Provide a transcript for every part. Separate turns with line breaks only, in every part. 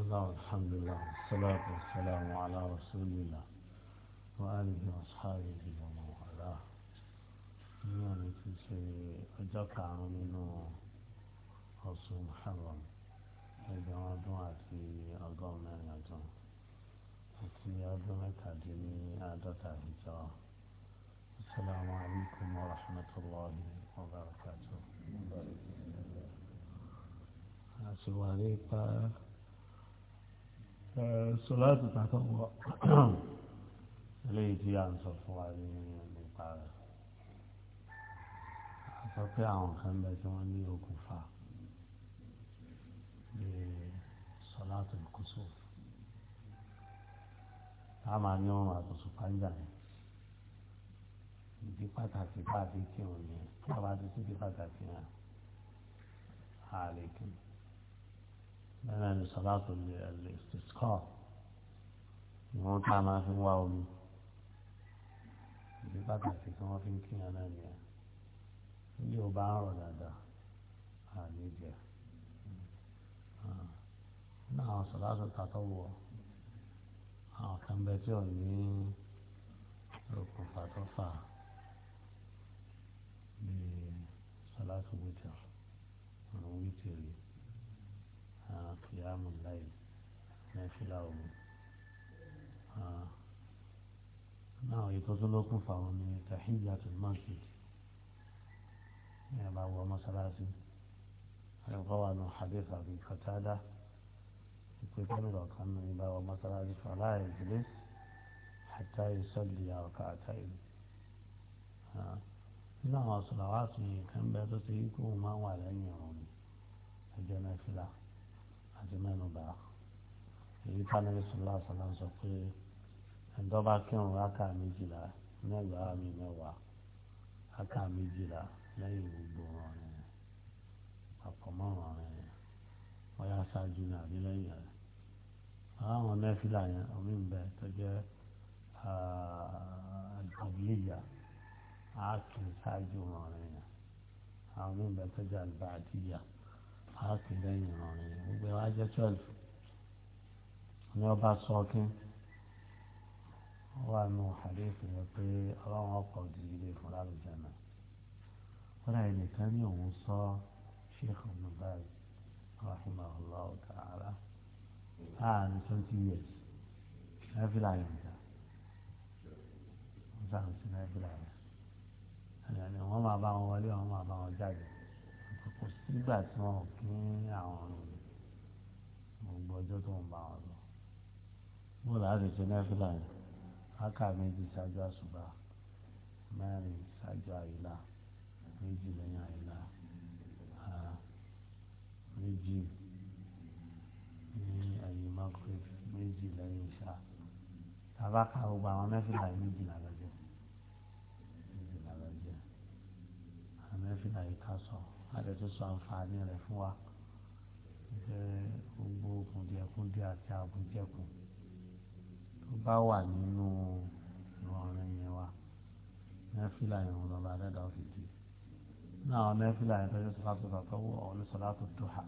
الله والحمد لله والصلاة والسلام على رسول الله وآله وأصحابه ومن والاه يوم يعني في شيء أجاك عنه أصل محرم إذا دعاء في أقوم أن أجوم وفي أقوم تعجمي أدى السلام عليكم ورحمة الله وبركاته. أسوأ sọláàtù tàtọwọ eléyìí tí a ń sọ fún wa ní nípa rẹ a sọ pé àwọn kan bẹ tí wọn ní okùnfà ní sọláàtù kùsù a máa ní wọn àtọ̀sùn pàǹjà yẹn ìdí pàtàkì bá a ti kí òun yẹn tí a bá ti sí ìdí pàtàkì yẹn a lè kí bẹ́ẹ̀ ni sọláàtù lè ṣe kọ́ ìwọ̀n tá a máa fi wá omi ìdí pàtàkì tí wọ́n fi ń kíyàn náà nìyẹn ní ọba ń rọ̀ dáadáa àní jẹ ah, àwọn sọ̀láṣọ̀ tàtọ̀ wọ̀ àwọn kan bẹ tí ò ní okùnfà tó fà bíi sọ̀láṣọ̀ wítìrì àwọn wítìrì àwọn kìyàmù láyìí. nàìjíríà òun náà ìtọ́ tó lókun fáwọn ní tahija tó masjid ní àbáwọ̀ mọ́sálásí ẹ̀kọ́ wà ní hadith àbí kọ́tádá ìpè kẹ́mìlọ̀ kan ní ìbáwọ̀ mọ́sálásí fọlá ìdílé àtà ìsọ̀lì àwọ̀ká àtà ìlú. nínú àwọn ọ̀sọ̀rọ̀ wá sí nǹkan bẹ́ẹ̀ tó ti kó máa wà lẹ́yìn ọ̀run ẹjọ́ náà fìlà àti mẹ́nu bàá. èyí tánàbí sọlá sọlá sọ pé ẹ̀dọ́bà kírun rákà méjìlá mẹ́wàá mi mẹ́wàá rákà méjìlá lẹ́yìn gbogbo wọn rẹ̀ àpọ̀mọ́ wọn rẹ̀ wọ́n yá ṣáájú ní àbílẹ́yìn rẹ̀ àwọn mẹ́fìlà yẹn omi ń bẹ tó jẹ́ àgbàgbéyà àákìn ṣáájú wọn yẹn àwọn omi tó jẹ́ àgbàdìyà àákìn lẹ́yìn wọn yẹn gbogbo ẹ̀ wá jẹ́ twelve ní ọba sọ́ọ́kín wà nù àdéhùn rẹ̀ pé ọlọ́run ọkọ̀ di ilé fún lálùjá náà kódà ẹnìkan ní òun sọ sheikh mubaz rahimahullah ta'ala láàrin ah, twenty years ẹ̀fílà yẹn jà wọ́n sàn sí ẹ̀fílà yẹn ẹ̀yàn ni wọ́n máa bá wọn wọlé wọ́n máa bá wọn jáde kò sígbà tí wọn ò àwọn ọ̀run gbogbo tó ń bá wọn lọ bó láti ṣe nẹ́fìlà yẹn áká méjì ṣáájú àṣùbà mẹ́rin ṣáájú àyílá méjì lẹ́yìn àyílá méjì ní ẹ̀yìn mọ́kúrẹ́ méjì lẹ́yìn ìṣá tàbá ká gbogbo àwọn nẹ́fìlà yẹn méjì lálọ́jẹ́ méjì lálọ́jẹ́ àwọn nẹ́fìlà yìí ká sọ adé tó sọ àǹfààní rẹ̀ fún wa gbogbo òkùndíẹ̀kùndíẹ̀ àti àbújẹ̀kùn tó bá wà nínú ìrọ̀rùn yẹn wa nẹ́fìlà yẹn wọn lọ́ba dẹ́dà ó fi di ní àwọn nẹ́fìlà yẹn tọ́jú sọ́lá tó tọ́ wọ ọ̀hún ní sọ́lá tó tó hà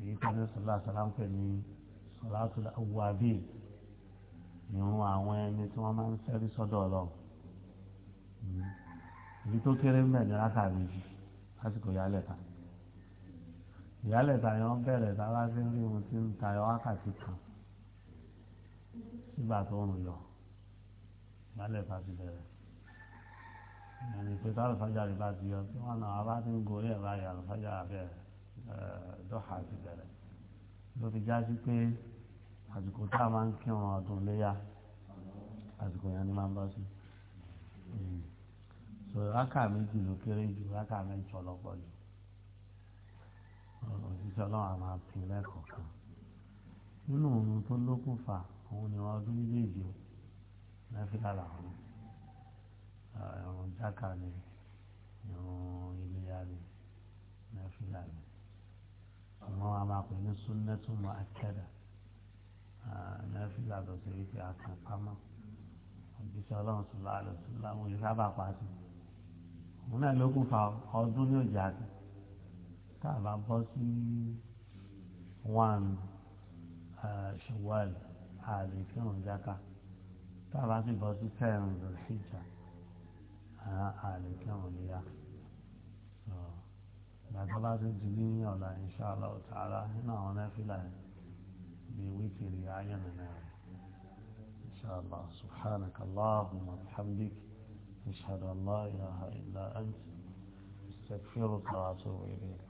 èyí tó ní sọ́lá sọ́lá ń pè ní sọ́lá tó wà bí ìrún àwọn ẹni tí wọ́n máa ń sẹ́rí sọ́dọ̀ ọlọ́run hmm. èyí tó kéré ń bẹ̀ ní rákà lásìkò yálẹ̀ ta ìyálẹ̀ ta yẹn bẹ̀rẹ̀ tá a bá fi ń rí ohun tí ń tayọ wákàtí kan nígbà tó ń lọ ìgbàlẹ̀ bá ti bẹ̀rẹ̀ ẹni pé tá àlùfájà rẹ̀ bá ti yọ tí wọ́n náà bá ti ń gorí ẹ̀ báyìí àlùfájà rẹ̀ dọ́hà ti bẹ̀rẹ̀ ló fi já sí pé àsìkò tá a máa ń kírun ọdún léyà àsìkò yẹn ni máa ń bọ́ sí hmm. so rákà méjì ló kéré jù rákà mẹ́jọ lọ́pọ̀ jù òṣìṣẹ́ ọlọ́run àmà pín lẹ́kọ̀ọ́ kan nínú òun tó lókun fà òun ni wọn ọdún méjèèjì o láfíà làwọn ẹ̀rùn jáka ni ẹ̀rùn iléyà ni láfíà ni àwọn wa ní sunnẹ́tù akẹ́dà láfíà tó ṣe wípé àkàn pamọ́ òjíṣẹ́ ọlọ́run sùn láàlọ́ sùn láwọn òṣìṣẹ́ àbá pa sí òun náà lókun fà ọdún ní òjì àti tá a bá bọ́ sí one. ṣùwọ́n àlè kírun jáka tá a bá ti bọ́ sí kẹrin lórí ìjà àlè kírun níyà ìgbàgbọ́ bá ti di ní ọ̀la ìṣàlọ̀ tààrà nínú àwọn nẹ́fìlà bíi wíkìrì ayélujára ìṣàlọ̀ subhanaka allahumma bihamdik ashhadu an la ilaha illa anta استغفرك واتوب اليك